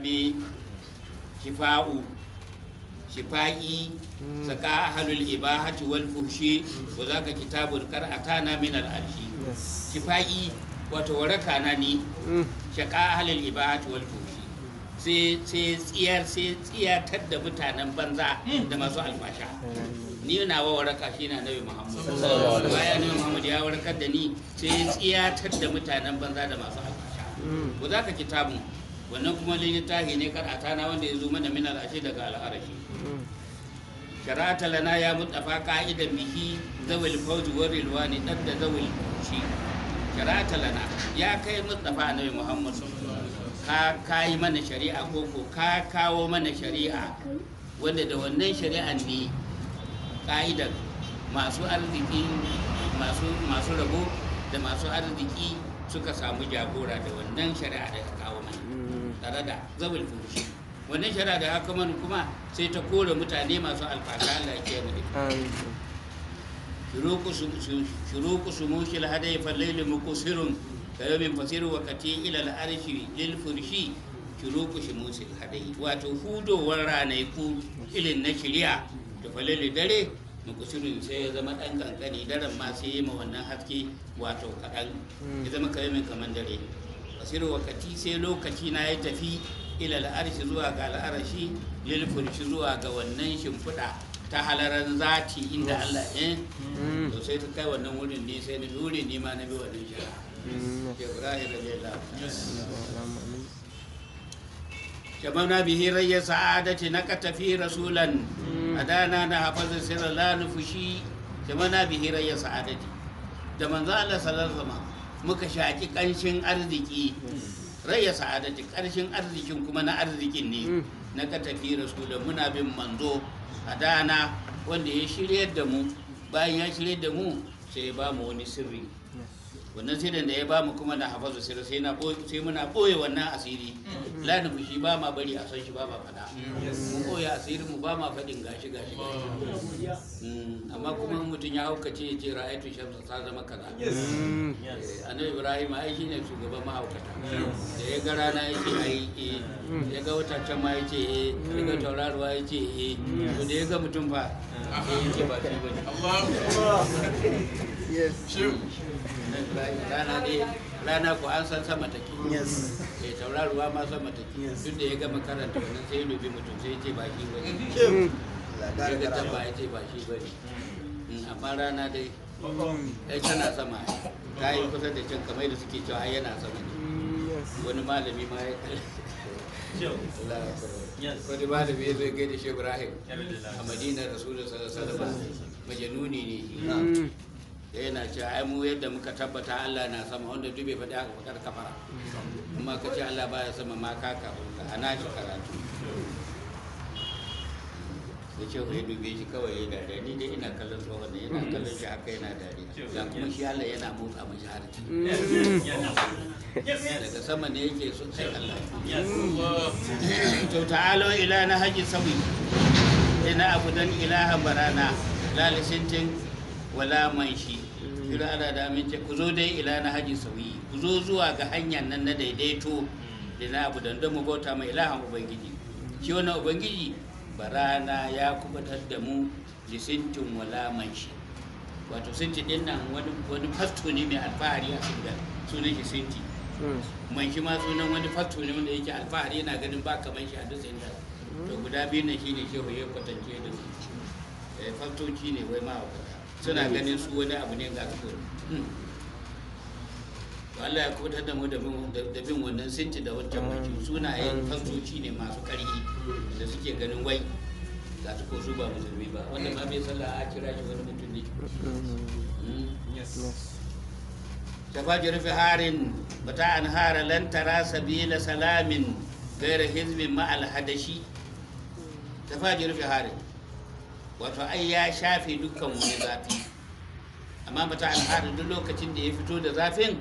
mai shifa'u shifa'i saka ahalul ibahati wal fushi wa zaka a qara'atana min al arshi shifa'i wato waraka na ni mm. shaka ahalul ibahati wal fushi sai sai tsiyar sai tsiyatar da mutanen banza da masu alfasha ni na wa waraka shi na nabi muhammad bayan nabi muhammad ya warkar da ni sai tsiyatar da mutanen banza da masu alfasha mm. wa zaka kitabun wannan kuma littafi ne kar a tana wanda ya zo mana min al'ashi daga al'arashi shara'ata lana ya mutafa ka'idan bihi zawil fawj wa ne dan da zawil shi shara'ata lana ya kai mutafa annabi muhammad ka kai mana shari'a ko ko ka kawo mana shari'a wanda da wannan shari'an ne ka'idar masu arziki masu rabo da masu arziki suka samu jagora da wannan shari'a da tare da zawul fushi wannan shara da haka mana kuma sai ta kore mutane masu alfasa Allah ke mu shuruku su mushil hadai muqsirun ka yami fasiru wakati al arshi lil furshi shuruku shi mushil hadai wato ranai ku ilin na shirya da laylu dare mukusirin sai ya zama ɗan kankani daren ma sai yi ma wannan haske wato kadan ya hmm. zama kayan kamar dare yaqsir wakati sai lokaci na ya tafi ila al'arshi zuwa ga al'arshi lil zuwa ga wannan shimfiɗa ta halaran zati inda Allah eh to sai ta kai wannan wurin ne sai ni dole ne ma na bi wannan shara mm. Ibrahim radiyallahu شبابنا به ري سعادة نكت في رسولا أدانا نحفظ سر لا نفشي شبابنا به ري سعادة دمن Da الله صلى الله عليه وسلم muka shaki ƙanshin arziki raya sa'adati ƙarshen arzikin kuma na arzikin ne mm. na ka tafi rasulun muna bin manzo a dana wanda ya shirya da mu bayan ya shirya da mu sai ya ba mu wani sirri wannan sirrin da ya ba mu kuma na hafazu sirri sai sai muna boye wannan asiri mm. la mu shi ba ma bari a san shi ba ma fada mu boye asiri mu ba ma fadin gashi gashi mm. amma kuma mutum ya haukace ya ce tun shamsa ta zama kaza mm. eh, annabi ibrahim ai shine shugaban mahaukata da ya ga rana ya ce ai eh. ya ga wata can ma ya ce eh ya ga tauraruwa ya ce eh. to da ya ga mutum fa sai ah. ya ce ba shi bane rana dai rana ko an san sama ta take yes eh tauraruwa ma sama ta take duk da ya gama karanta wannan sai ya dubi mutum sai ya ce baki bane ya ga tamba ya ce baki bane mm, amma rana dai mm. ai tana sama ta yi kusa da can kamar da suke cewa ai yana sama ne wani malami ma ya wani malami ya zo gaida shi ibrahim a madinar rasulun sallallahu alaihi wasallam majanuni ne sai yana ce ai mu yadda muka tabbata Allah na sama wanda duk bai faɗi haka fakar kafara kuma ka ce Allah baya sama ma ka ka ana shi karatu sai ce ya dube shi kawai ya dariya ni dai ina kallon tsohon ne yana kallon shi haka yana dariya dan kuma shi Allah yana motsa mashi harci daga sama ne yake so sai Allah to ta'alo ila na haji sabi ina abudan ilaha barana lalisintin wala man shi ana da amince ku zo dai ila na haji sauyi ku zo zuwa ga hanyar nan na daidaito da na abu don mu bauta mai ilahan ubangiji shi wannan ubangiji barana ya kubatar da mu lisintin wala manshi wato sinti din nan wani fasto ne mai alfahari a singa sunan shi sinti manshi ma sunan wani fasto ne wanda yake alfahari yana ganin ba kamar shi a duk da, to guda biyu na shine shehu ya kwatance da su fastoci eh, ne wai ma a suna ganin su wani abu ne ga su Allah ya kubutar da mu da bin wannan sinci da wancan bakin yin fasoci ne masu ƙarfi da suke ganin wai za su ko su ba musulmi ba wanda ma bai sallah a kira shi wani mutum ne tafajir hmm? fi harin bata an hara lan tara sabila salamin gaira hizmin ma alhadashi tafajir fi harin wato ai ya shafe dukkan wani zafi amma mata al'ada duk lokacin da ya fito da zafin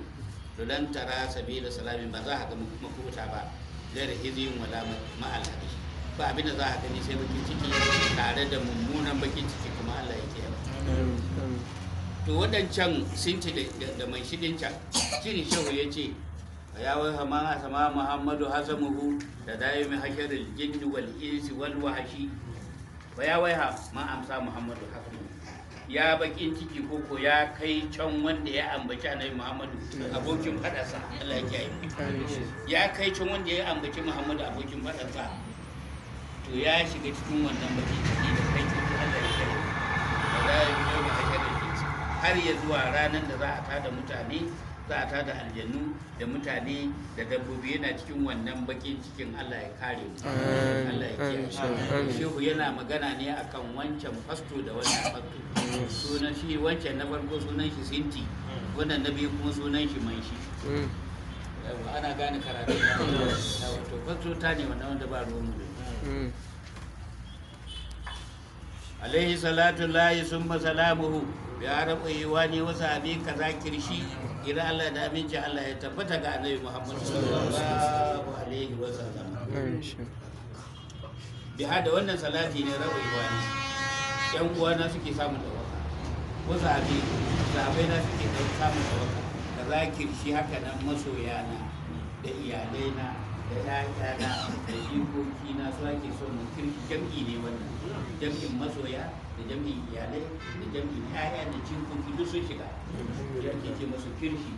to dan tara sabila salamin ba za ka ga makuta ba gare hizin wala ma'al ba abin da za a gani sai bakin ciki tare da mummunan bakin ciki kuma Allah ya kiyaye to wadancan sinti da mai shidin can shine shehu ya ce ya wai hama sama muhammadu hasamuhu da daimi hasharil jinni wal insi wal wahashi ba ya waiha ma amsa muhammadu hasmu ya bakin ciki koko ya kai can wanda ya ambaci annabi muhammadu abokin fadarsa Allah ya kiyaye ya kai can wanda ya ambaci muhammadu abokin fadarsa to ya shiga cikin wannan baki ciki da kai ciki Allah ya kiyaye ba yu'minu bi hajjati har ya zuwa ranar da za a tada mutane za a tada aljannu da mutane da dabbobi yana cikin wannan bakin cikin Allah ya kare mu Allah ya kiyaye shehu yana magana ne akan wancan fasto da wannan fasto sunan shi wancan na farko sunan shi sinti mm. wannan na biyu kuma sunan shi manshi mm. ana gane karatu wato fasto ta ne wannan wanda ba ruwan mu mm. alaihi salatu lahi sun summa salamuhu bi arabu yiwani wa sahabi kaza kirshi kira Allah da aminci Allah ya tabbata ga annabi Muhammad sallallahu alaihi wa sallam bi hada wannan salati ne rabu iwani yan na suke samun waka ko sahabi sahabai na suke samun da waka kaza kirshi haka nan masoyana da iyalaina da ƴaƴana da jikoki na su ake so mu jam'i ne wannan jam'in masoya da jam'in iyalai da jam'in ƴaƴa da jikoki duk sun shiga ya ake ce musu kirki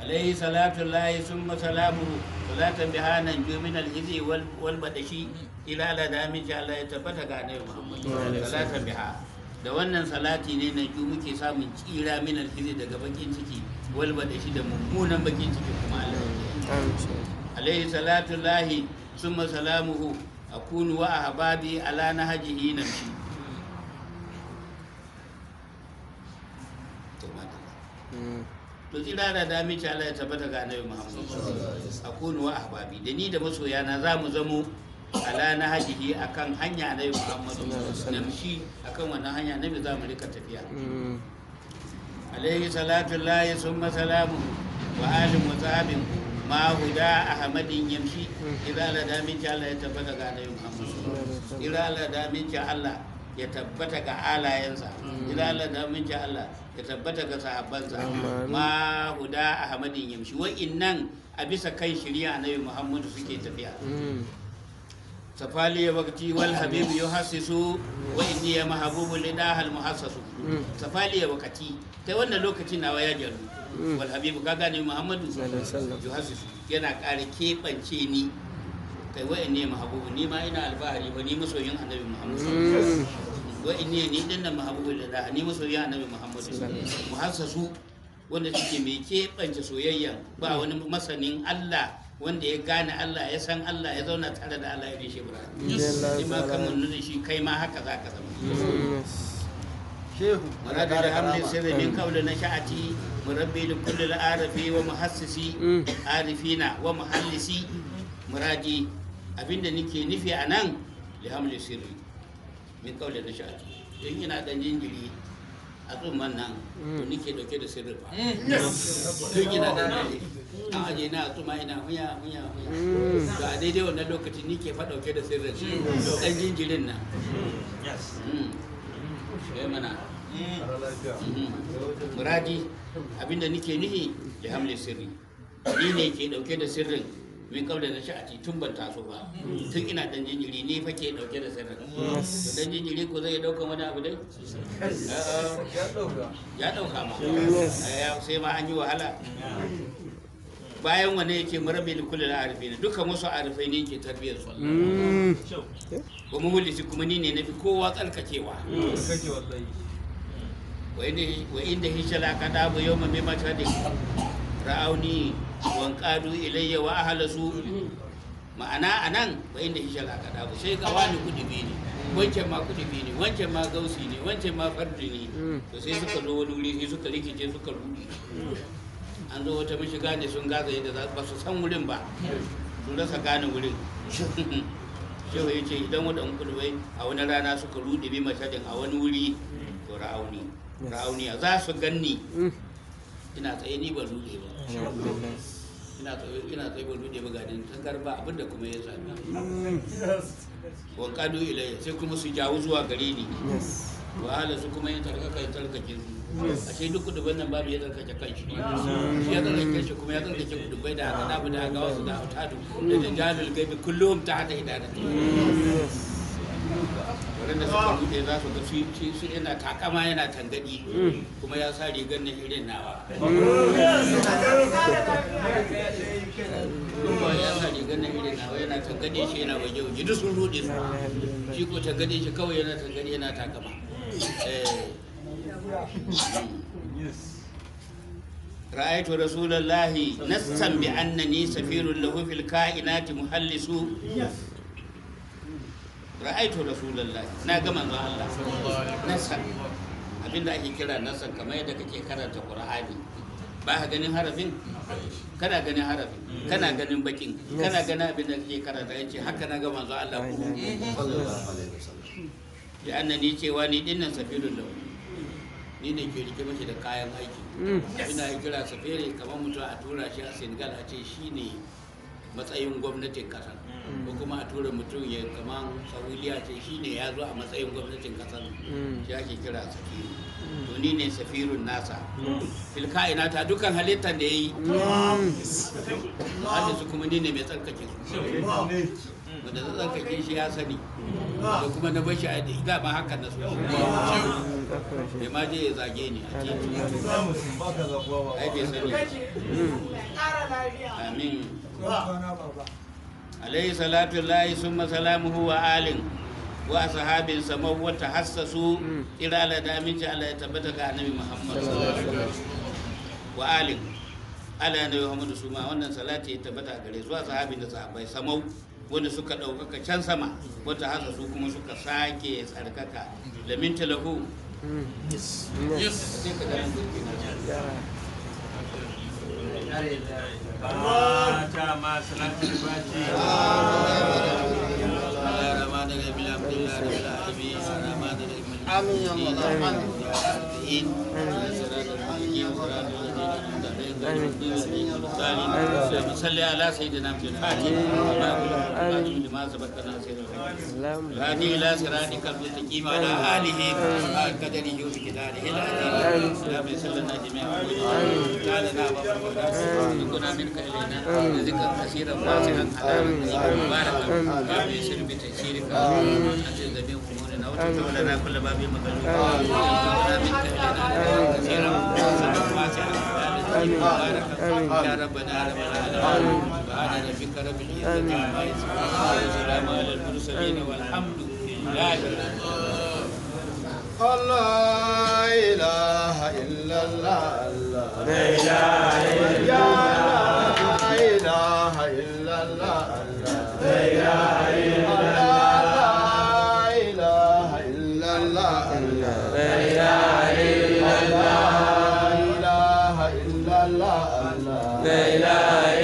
عليه صلاة الله ثم سلامه صلاة بها ننجو من الإذي والبدشي إلى لدى من شاء الله يتفتك عليه محمد صلاة بها da wannan salati ne na ju muke samun tsira min alhizi daga bakin ciki walbada shi da mummunan bakin ciki kuma Allah alaihi salatu lahi summa salamuhu akunu wa ahbabi ala hina shi. to tsira da dami Allah ya tabbata ga annabi Muhammad akunu wa ahbabi da ni da masoyana zamu zamo ala na hajihi akan hanya na muhammadu na a akan wannan hanya na za mu rika tafiya Alayhi salatu lahi sun masalamu wa alin wa sahabin ma huda ahmadin yamshi ira ala daminci allah ya tabbata ga annabi muhammadu ira ala daminci allah ya tabbata ga alayensa ila damin da Allah ya tabbata ga sahabbansa ma huda ahmadin yamshi wa innan a bisa kan shari'a annabi Muhammadu suke tafiya سفالي وقتي والحبيب يحسس وإني محبوب لداها المحسس سفالي وقتي توانا لوكتي نوايا جلو والحبيب كاغاني محمد يحسس Yana ni. kai wa'in ya mahabubu ni ma ina alfahari ba ni masoyin annabi Muhammadu. wa'in ne ni dinna mahabubu da ni masoyin annabi Muhammadu. muhassasu wanda suke mai keɓance soyayya ba wani masanin allah wanda ya gane Allah ya san Allah ya zauna tare da Allah ya shi ma kan mun da shi kai ma haka za ka zama shehu muradu da hamdi sirri min murabbi li kulli wa muhassisi mm. arifina wa muhallisi muradi abinda nake nufi li hamdi sirri min ina dan jinjiri a tsumman nan to mm. nake dauke da sirri ina dan jinjiri an aje na tuma ina hunya hunya hunya mm. to a daidai wannan lokaci ni ke faɗauke da sirrin shi mm. ɗan jinjirin nan mm. ya mana muradi abinda nike nihi ya hamle sirri ni ne ke ɗauke da sirrin min kabla da sha'ati tun ban taso ba tun ina dan jinjiri ne fa ke dauke da sirrin to dan jinjiri ko zai dauka wani abu dai ya dauka ya dauka ma sai ma an yi wahala bayan wane yake marami da kula da arifai ne dukkan wasu arifai ne yake tarbiyyar su hmm. wa mawlidi kuma ni ne na fi kowa tsarkakewa hmm. wa inda hishala ka dabu yau mai mata da ra'auni wankadu ilayya wa ahalasu ma'ana a nan wa inda hishala ka dabu sai ga wani kudubi ne wancan ma kudubi ne wancan ma gausi ne wancan ma fardu ne hmm. to sai suka zo wani wuri sai suka rikice suka rudi an zo wata mishiga ne sun gaza yadda ba su san wurin ba sun rasa gane wurin shehu ya ce idan wadda kulwai a wani rana suka rudi bi mashadin a wani wuri to ra'auni ra'auni za su ganni ina tsaye ni ban rude ba ina tsaye ina tsaye ban rude ba gadin tangar ba abinda kuma ya sami wa kadu ilayya sai kuma su jawo zuwa gare ni wa ala su kuma ya tarkaka ya tarkake su ce duk kudubai nan babu ya tarkake kai shi shi ya tarkake shi kuma ya tarkake kudubai da haka dabu da haka wasu da hutadu da dajalul gaibi kullum ta hata idanatu waɗanda suka buɗe za su ga su yana takama yana tangadi kuma ya sa rigar na irin nawa kuma ya sa rigar na irin nawa yana tangade shi yana waje waje duk sun ruɗe su shi ko tangade shi kawai yana tangade yana takama رأيت رسول الله نصا بأنني سفير له في الكائنات محلس رأيت رسول الله ناقم الله نصا abinda ake kira nasa kamar yadda kake karanta Qur'ani ba ka ganin harafin kana ganin harafin kana ganin bakin kana ganin abinda kake karanta yace haka na ga manzo Allah da annani cewa ni dinnan safirun lau ni ne ke rike mace da kayan aiki mm. ina kira safiri kamar mutum a tura shi a senegal a ce shi ne matsayin gwamnatin kasar mm. ko kuma a tura mutum ya kamar sauliya ce shi ne ya zo a matsayin gwamnatin kasar mm. shi ake kira safiru to ni ne safirun nasa filka ina ta dukan halittar da ya yi su kuma ni ne mai tsarkake su wanda tsarkake shi ya sani da kuma na bashi a ita ba haka na so ba ma je ya zage ni a titi ai bai sani amin alaihi salatu lahi sun salamuhu wa alin wa sahabin samau wata hassasu. ila la daminci ala ya tabbata ga annabi muhammad wa alin ala ya nabi muhammad ma wannan salati ya tabbata gare zuwa sahabin da sahabai samau wanda suka ɗaukaka can sama wata haza su kuma suka sake tsarkaka lamin lahu Amin ya Allah. Amin. صل على سيدنا محمد الهادي الى صراطك المستقيم وعلى اله قدر يوم كداره العظيم اللهم صل لنا جميعا تعالنا وفقنا منك الينا ذكرا كثيرا واسعا حلالا مباركا كما يسر بتيسيرك انت جميع امورنا وتتولنا كل ما بمقدور منك الينا كثيرا سبحانك يا ربنا ربنا سبحان ربك رب العزة عما يصفون وسلام على المرسلين والحمد لله الله إله إلا الله لا إله إلا الله لا إله إلا الله لا إله They lie.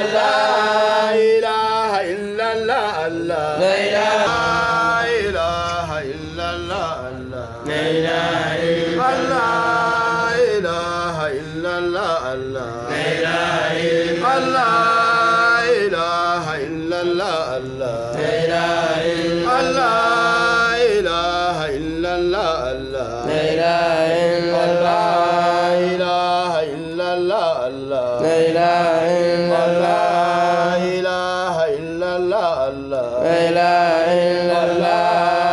la la الله لا إله إلا الله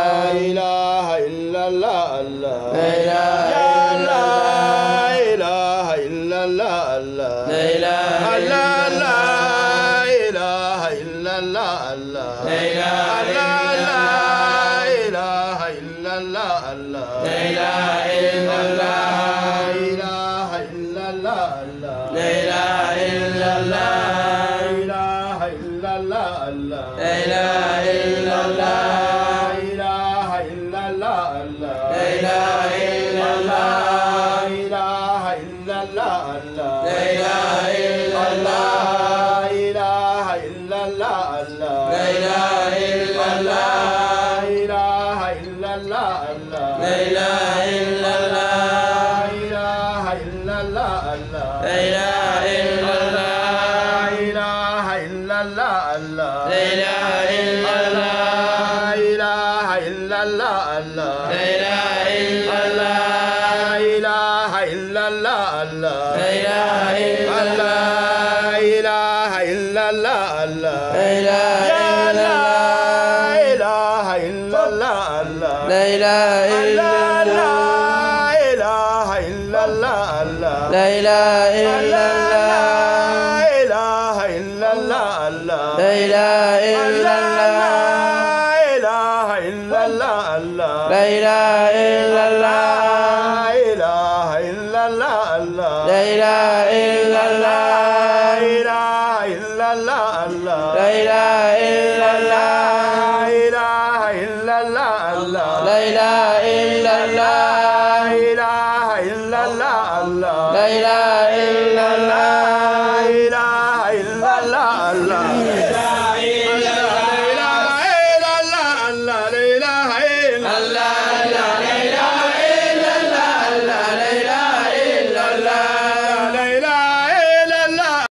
love. La, La la, la